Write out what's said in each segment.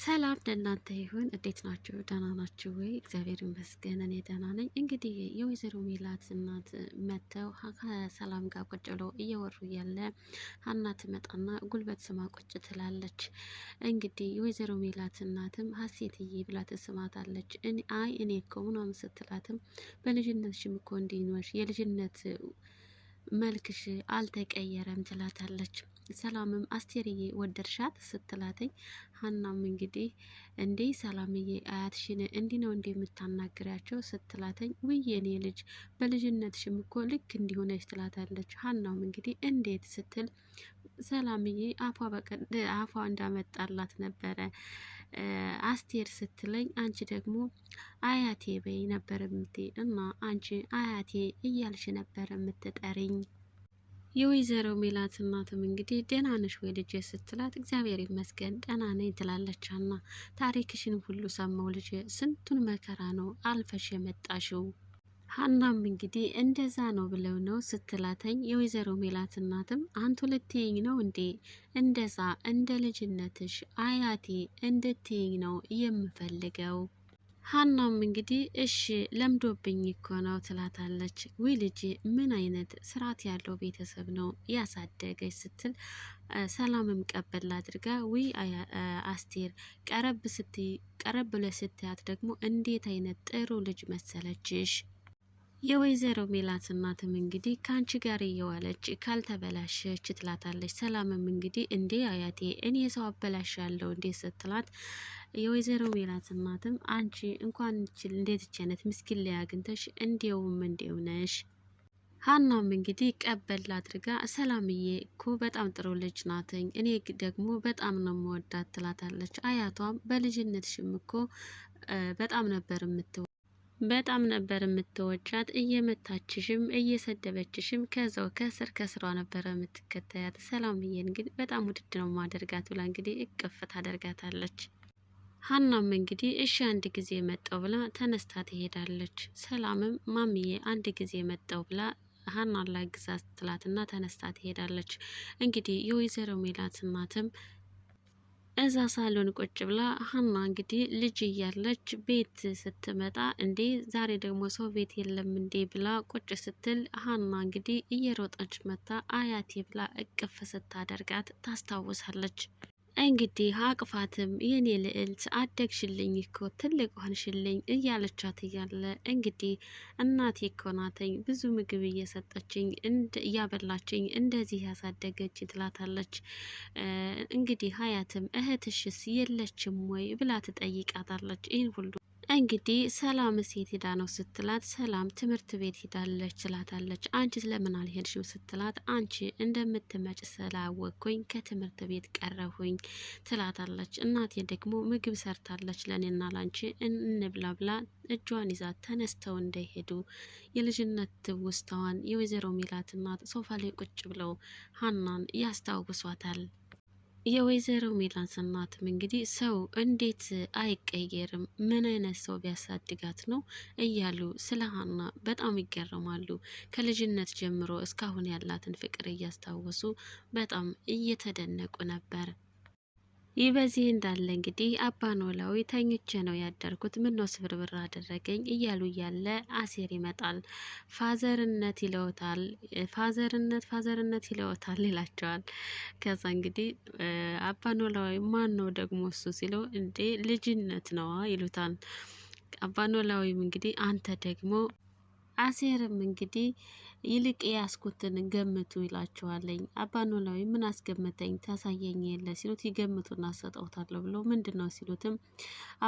ሰላም ለእናንተ ይሁን። እንዴት ናችሁ? ደህና ናችሁ ወይ? እግዚአብሔር ይመስገን እኔ ደህና ነኝ። እንግዲህ የወይዘሮ ሜላት እናት መጥተው ከሰላም ጋር ቁጭ ብለው እየወሩ ያለ ሀና ትመጣና ጉልበት ስማ ቁጭ ትላለች። እንግዲህ የወይዘሮ ሜላት እናትም ሀሴትዬ ብላ ትስማታለች። አይ እኔ እኮ ምናምን ስትላትም በልጅነት ሽምኮ እንዲኖሽ የልጅነት መልክሽ አልተቀየረም ትላታለች። ሰላምም አስቴርዬ ወደድሻት ስትላተኝ ሀናም እንግዲህ እንዴ ሰላምዬ አያትሽን እንዲህ ነው እንዴ የምታናግሪያቸው ስትላተኝ ውይ የኔ ልጅ በልጅነትሽም እኮ ልክ እንዲሆነች ትላታለች። ሀናም እንግዲህ እንዴት ስትል ሰላምዬ አፏ አፏ እንዳመጣላት ነበረ አስቴር ስትለኝ አንቺ ደግሞ አያቴ በይ ነበር የምትይ እና አንቺ አያቴ እያልሽ ነበር የምትጠሪኝ የወይዘሮ ሜላት እናትም እንግዲህ ደህና ነሽ ወይ ልጄ ስትላት እግዚአብሔር ይመስገን ደህና ነኝ ትላለቻና ታሪክሽን ሁሉ ሰማው ልጄ፣ ስንቱን መከራ ነው አልፈሽ የመጣሽው። ሀናም እንግዲህ እንደዛ ነው ብለው ነው ስትላተኝ የወይዘሮ ሜላት እናትም አንቱ ልትይኝ ነው እንዴ? እንደዛ እንደ ልጅነትሽ አያቴ እንድትይኝ ነው የምፈልገው ሀናም እንግዲህ እሺ ለምዶብኝ እኮ ነው ትላታለች። ዊ ልጅ ምን አይነት ስርዓት ያለው ቤተሰብ ነው ያሳደገች ስትል ሰላምም ቀበል አድርጋ ዊ አስቴር ቀረብ ስትይ ቀረብ ብለ ስትያት ደግሞ እንዴት አይነት ጥሩ ልጅ መሰለችሽ የወይዘሮ ሜላት እናትም እንግዲህ ከአንቺ ጋር እየዋለች ካልተበላሸች ትላታለች። ሰላምም እንግዲህ እንዴ አያቴ እኔ የሰው አበላሽ ያለው እንዴ ስትላት የወይዘሮ ሜላት እናትም አንቺ እንኳን እንዴት ቸነት ምስኪን ላይ አግኝተሽ እንዲውም እንዲው ነሽ ሀናም እንግዲህ ቀበል አድርጋ ሰላምዬ እኮ በጣም ጥሩ ልጅ ናትኝ እኔ ደግሞ በጣም ነው መወዳት ትላታለች። አያቷም በልጅነትሽም እኮ በጣም ነበር የምትወ በጣም ነበር የምትወጃት። እየመታችሽም እየሰደበችሽም ከዛው ከስር ከስሯ ነበረ የምትከተያት። ሰላምዬን እንግዲህ በጣም ውድድ ነው ማደርጋት ብላ እንግዲህ እቅፍ ታደርጋታለች። ሀናም እንግዲህ እሺ አንድ ጊዜ መጣው ብላ ተነስታ ትሄዳለች። ሰላምም ማሚዬ አንድ ጊዜ መጣው ብላ ሀናን ላግዛት ትላትና ተነስታ ትሄዳለች። እንግዲህ የወይዘሮ ሜላት እናትም እዛ ሳሎን ቁጭ ብላ ሀና እንግዲህ ልጅ እያለች ቤት ስትመጣ እንዴ ዛሬ ደግሞ ሰው ቤት የለም እንዴ ብላ ቁጭ ስትል ሀና እንግዲህ እየሮጠች መታ አያቴ ብላ እቅፍ ስታደርጋት ታስታውሳለች። እንግዲህ አቅፋትም የኔ ልዕልት አደግሽልኝ እኮ ትልቅ ሆንሽልኝ እያለቻት እያለ እንግዲህ እናቴ እኮ ናተኝ ብዙ ምግብ እየሰጠችኝ እያበላችኝ እንደዚህ ያሳደገች ትላታለች። እንግዲህ ሀያትም እህትሽስ የለችም ወይ ብላ ትጠይቃታለች። ይህን ሁሉ እንግዲህ ሰላም ሴት ሄዳ ነው ስትላት፣ ሰላም ትምህርት ቤት ሄዳለች ትላታለች። አንቺ ስለምን አልሄድሽም ስትላት፣ አንቺ እንደምትመጭ ስላወቅኩኝ ከትምህርት ቤት ቀረሁኝ ትላታለች። እናቴ ደግሞ ምግብ ሰርታለች ለእኔና ላንቺ እንብላ ብላ እጇን ይዛ ተነስተው እንደሄዱ የልጅነት ውስታዋን የወይዘሮ ሜላት እናት ሶፋ ላይ ቁጭ ብለው ሀናን ያስታውሷታል። የወይዘሮ ሜላት እናትም እንግዲህ ሰው እንዴት አይቀየርም? ምን አይነት ሰው ቢያሳድጋት ነው እያሉ ስለ ሀና በጣም ይገረማሉ። ከልጅነት ጀምሮ እስካሁን ያላትን ፍቅር እያስታወሱ በጣም እየተደነቁ ነበር። ይህ በዚህ እንዳለ እንግዲህ አባ ኖላዊ ተኝቼ ነው ያደርኩት፣ ምን ነው ስብርብር አደረገኝ እያሉ እያለ አሴር ይመጣል። ፋዘርነት ይለውታል፣ ፋዘርነት ፋዘርነት ይለውታል ይላቸዋል። ከዛ እንግዲህ አባ ኖላዊ ማን ነው ደግሞ እሱ ሲለው እንዴ ልጅነት ነዋ ይሉታል። አባ ኖላዊም እንግዲህ አንተ ደግሞ አሴርም እንግዲህ ይልቅ ያስኩትን ገምቱ ይላችኋለኝ። አባ ኖላዊ ምን አስገምተኝ ታሳየኝ የለ ሲሉት ይገምቱና ሰጠውታለሁ ብሎ ምንድን ነው ሲሉትም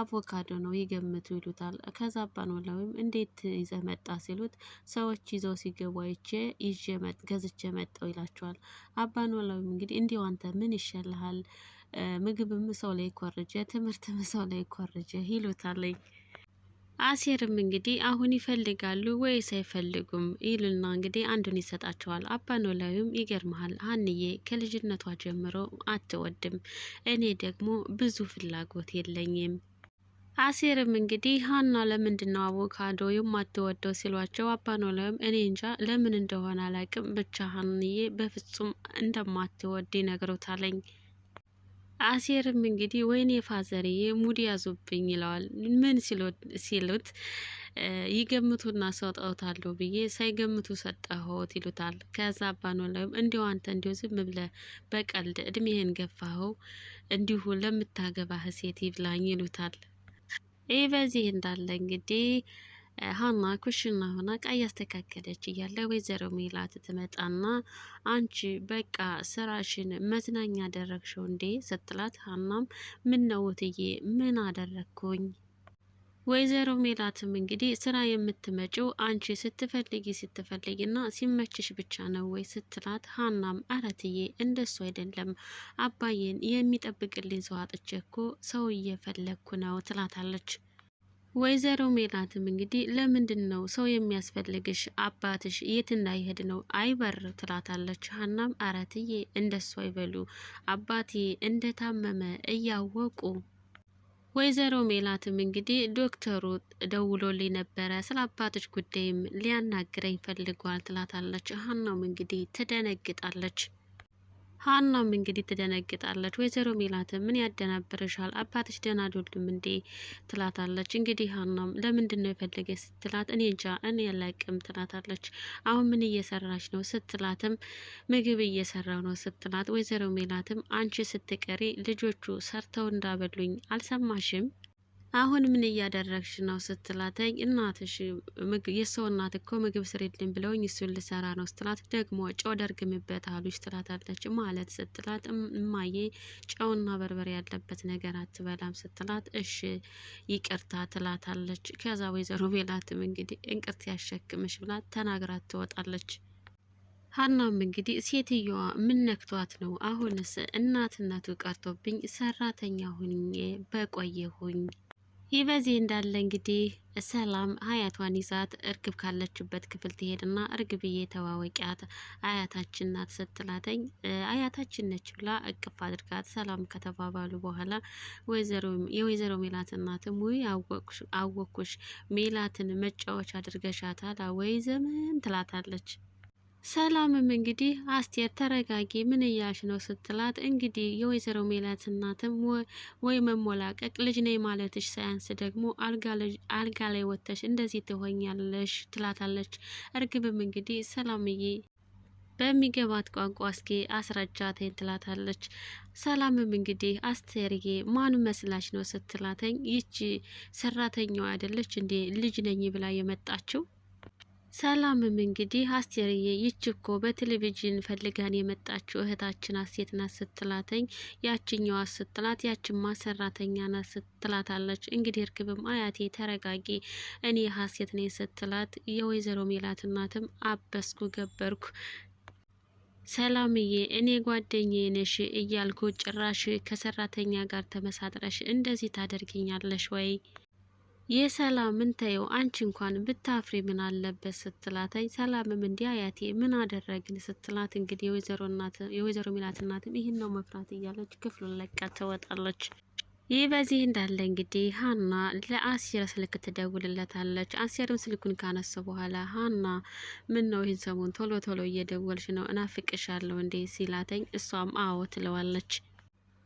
አቮካዶ ነው ይገምቱ ይሉታል። ከዛ አባ ኖላዊም እንዴት ይዘ መጣ ሲሉት ሰዎች ይዘው ሲገቡ አይቼ ይዤ ገዝቼ መጣው ይላቸዋል። አባ ኖላዊም እንግዲህ እንዲሁ አንተ ምን ይሸልሃል ምግብም ሰው ላይ ኮርጀ ትምህርትም ሰው ላይ ኮርጀ ይሉታለኝ። አሴርም እንግዲህ አሁን ይፈልጋሉ ወይስ አይፈልጉም ይሉና እንግዲህ አንዱን ይሰጣቸዋል። አባ ኖላዊም ይገርመሃል ሀንዬ ከልጅነቷ ጀምሮ አትወድም፣ እኔ ደግሞ ብዙ ፍላጎት የለኝም። አሴርም እንግዲህ ሀና ለምንድነው አቮካዶ የማትወደው ሲሏቸው አባ ኖላዊም እኔ እንጃ ለምን እንደሆነ አላቅም፣ ብቻ ሀንዬ በፍጹም እንደማትወድ ይነግሩታለኝ። አሴርም እንግዲህ ወይኔ ፋዘርዬ ሙድ ያዙብኝ ይለዋል። ምን ሲሉት ይገምቱና ሰጠውታለሁ ብዬ ሳይገምቱ ሰጠሁት ይሉታል። ከዛ ላይም እንዲሁ አንተ እንዲሁ ዝም ብለህ በቀልድ እድሜህን ገፋኸው እንዲሁ ለምታገባህ ሴት ይብላኝ ይሉታል። ይህ በዚህ እንዳለ እንግዲህ ሀና ኩሽና ሆና እቃ እያስተካከለች እያለ ወይዘሮ ሜላት ትመጣና አንቺ በቃ ስራሽን መዝናኛ ያደረግሽው እንዴ? ስትላት ሀናም ምን ነው እትዬ ምን አደረግኩኝ? ወይዘሮ ሜላትም እንግዲህ ስራ የምትመጪው አንቺ ስትፈልጊ ስትፈልጊና ሲመችሽ ብቻ ነው ወይ ስትላት፣ ሀናም አረትዬ እንደሱ አይደለም አባዬን የሚጠብቅልኝ ሰው አጥቼ እኮ ሰው እየፈለግኩ ነው ትላታለች። ወይዘሮ ሜላትም እንግዲህ ለምንድን ነው ሰው የሚያስፈልግሽ? አባትሽ የት እንዳይሄድ ነው አይበር ትላታለች። ሀናም አረትዬ እንደሱ አይበሉ አባቴ እንደታመመ እያወቁ ወይዘሮ ሜላትም እንግዲህ ዶክተሩ ደውሎልኝ ነበረ ስለ አባቶች ጉዳይም ሊያናግረኝ ፈልጓል ትላታለች። ሀናም እንግዲህ ትደነግጣለች። ሀናም እንግዲህ ትደነግጣለች። ወይዘሮ ሜላትም ምን ያደናብርሻል አባትሽ ደህና አይደሉም እንዴ ትላታለች። እንግዲህ ሀናም ለምንድን ነው የፈለገ ስትላት እኔ እንጃ እኔ ያላቅም ትላታለች። አሁን ምን እየሰራች ነው ስትላትም ምግብ እየሰራው ነው ስትላት፣ ወይዘሮ ሜላትም አንቺ ስትቀሪ ልጆቹ ሰርተው እንዳበሉኝ አልሰማሽም አሁን ምን እያደረግሽ ነው ስትላተኝ እናትሽ የሰው እናት እኮ ምግብ ስሪልኝ ብለውኝ እሱን ልሰራ ነው ስትላት ደግሞ ጨው ደርግምበት አሉሽ ትላታለች ማለት ስትላት እማዬ ጨውና በርበሬ ያለበት ነገር አትበላም ስትላት እሺ ይቅርታ ትላታለች። ከዛ ወይዘሮ ቤላትም እንግዲህ እንቅርት ያሸክምሽ ብላት ተናግራት ትወጣለች። ሀናም እንግዲህ ሴትዮዋ ምን ነክቷት ነው አሁንስ እናትነቱ ቀርቶብኝ ሰራተኛ ሁኜ በቆየሁኝ ይህ በዚህ እንዳለ እንግዲህ ሰላም ሀያቷን ይዛት እርግብ ካለችበት ክፍል ትሄድና እርግብዬ ተዋወቂያት አያታችን ናት ስትላተኝ አያታችን ነች ብላ እቅፍ አድርጋት ሰላም ከተባባሉ በኋላ የወይዘሮ ሜላት እናትም ውይ አወኩሽ ሜላትን መጫወች አድርገሻታል ወይ ዘመን ትላታለች። ሰላምም እንግዲህ አስቴር ተረጋጊ ምን እያልሽ ነው ስትላት፣ እንግዲህ የወይዘሮ ሜላት እናትም ወይ መሞላቀቅ ልጅ ነኝ ማለትሽ ሳያንስ ደግሞ አልጋ ላይ ወጥተሽ እንደዚህ ትሆኛለሽ ትላታለች። እርግብም እንግዲህ ሰላምዬ በሚገባት ቋንቋ እስኪ አስረጃተኝ ትላታለች። ሰላምም እንግዲህ አስቴርዬ ማን መስላች ነው ስትላተኝ፣ ይቺ ሰራተኛዋ አይደለች እንዴ ልጅ ነኝ ብላ የመጣችው ሰላምም እንግዲህ አስቴርዬ ይች እኮ በቴሌቪዥን ፈልጋን የመጣችው እህታችን አሴት ናት ስትላተኝ ያችኛዋ ስትላት ያችማ ሰራተኛ ናት ስትላታለች። እንግዲህ እርግብም አያቴ ተረጋጊ፣ እኔ ሀሴት ነኝ ስትላት የወይዘሮ ሜላት እናትም አበስኩ ገበርኩ። ሰላምዬ እኔ ጓደኛዬ ነሽ እያልኩ ጭራሽ ከሰራተኛ ጋር ተመሳጥረሽ እንደዚህ ታደርገኛለሽ ወይ? የሰላምን ተየው አንቺ እንኳን ብታፍሪ ምን አለበት ስትላተኝ፣ ሰላምም እንዲህ አያቴ ምን አደረግን ስትላት፣ እንግዲህ የወይዘሮ ሚላት እናትም ይህን ነው መፍራት እያለች ክፍሉን ለቃ ትወጣለች። ይህ በዚህ እንዳለ እንግዲህ ሀና ለአሲር ስልክ ትደውልለታለች። አሲርም ስልኩን ካነሳ በኋላ ሀና ምን ነው ይህን ሰሞን ቶሎ ቶሎ እየደወልሽ ነው እናፍቅሻለሁ እንዴ ሲላተኝ፣ እሷም አዎ ትለዋለች።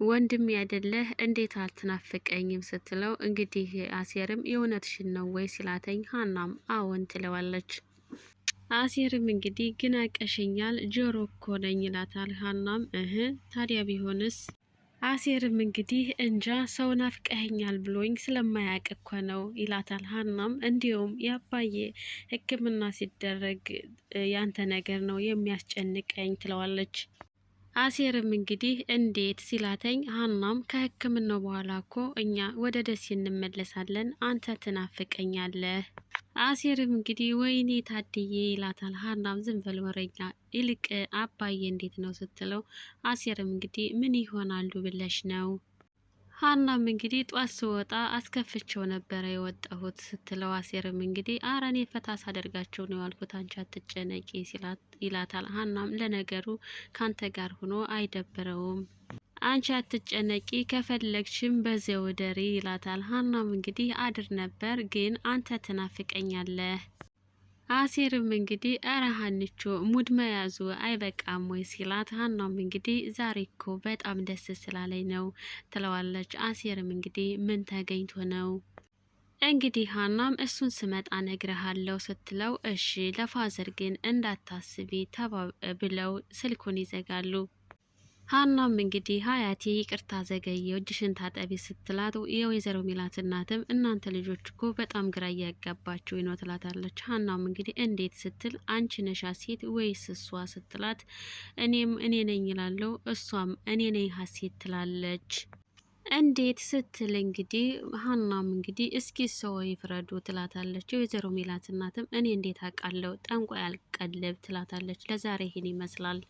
ወንድም ያደለህ እንዴት አልትናፍቀኝም ስትለው እንግዲህ አሴርም የእውነትሽን ነው ወይ ሲላተኝ ሀናም አዎን ትለዋለች። አሴርም እንግዲህ ግን አቀሸኛል ጆሮ እኮ ነኝ ይላታል። ሀናም እህ ታዲያ ቢሆንስ? አሴርም እንግዲህ እንጃ ሰው ናፍቀኸኛል ብሎኝ ስለማያቅ እኮ ነው ይላታል። ሀናም እንዲሁም የአባዬ ሕክምና ሲደረግ ያንተ ነገር ነው የሚያስጨንቀኝ ትለዋለች። አሴርም እንግዲህ እንዴት ሲላተኝ ሀናም ከህክምናው በኋላ እኮ እኛ ወደ ደሴ እንመለሳለን፣ አንተ ትናፍቀኛለህ። አሴርም እንግዲህ ወይኔ ታድዬ ይላታል። ሀናም ዝም በል ወረኛ፣ ይልቅ አባዬ እንዴት ነው ስትለው፣ አሴርም እንግዲህ ምን ይሆናሉ ብለሽ ነው ሀናም እንግዲህ ጧት ስወጣ አስከፍቼው ነበረ የወጣሁት ስትለው አሴርም እንግዲህ አረ እኔ ፈታ ሳደርጋቸው ነው ያልኩት አንቺ አትጨነቂ ይላታል። ሀናም ለነገሩ ካንተ ጋር ሆኖ አይደብረውም አንቺ አትጨነቂ ከፈለግሽም በዚያው እደሪ ይላታል። ሀናም እንግዲህ አድር ነበር ግን አንተ ትናፍቀኛለህ አሴርም እንግዲህ እረ ሀንቾ ሙድ መያዙ አይበቃም ወይ ሲላት፣ ሃናም እንግዲህ ዛሬ እኮ በጣም ደስ ስላለኝ ነው ትለዋለች። አሴርም እንግዲህ ምን ተገኝቶ ነው እንግዲህ ሀናም እሱን ስመጣ ነግረሃለው ስትለው፣ እሺ ለፋዘር ግን እንዳታስቢ ተባ ብለው ስልኩን ይዘጋሉ። ሀናም እንግዲህ ሀያቲ ይቅርታ ዘገየ እጅሽን ታጠቢ ስትላት የወይዘሮ ሚላት እናትም እናንተ ልጆች እኮ በጣም ግራ እያጋባችሁ ነው ትላታለች። ሀናም እንግዲህ እንዴት ስትል አንቺ ነሻ ሴት ወይስ እሷ ስትላት እኔም እኔ ነኝ ይላለው፣ እሷም እኔ ነኝ ሀሴት ትላለች። እንዴት ስትል እንግዲህ ሀናም እንግዲህ እስኪ ሰው ይፍረዱ ትላታለች። የወይዘሮ ሚላት እናትም እኔ እንዴት አውቃለሁ ጠንቋ ያልቀልብ ትላታለች። ለዛሬ ይህን ይመስላል።